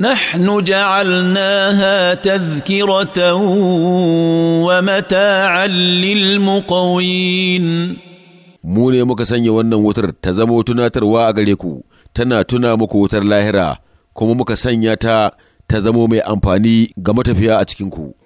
نحن جعلناها تذكره ومتاعا للمقوين mu ne muka sanya wannan wutar ta zamo tunatarwa a gare ku tana tuna muku wutar lahira kuma muka sanya ta ta zamo mai amfani ga matafiya a cikinku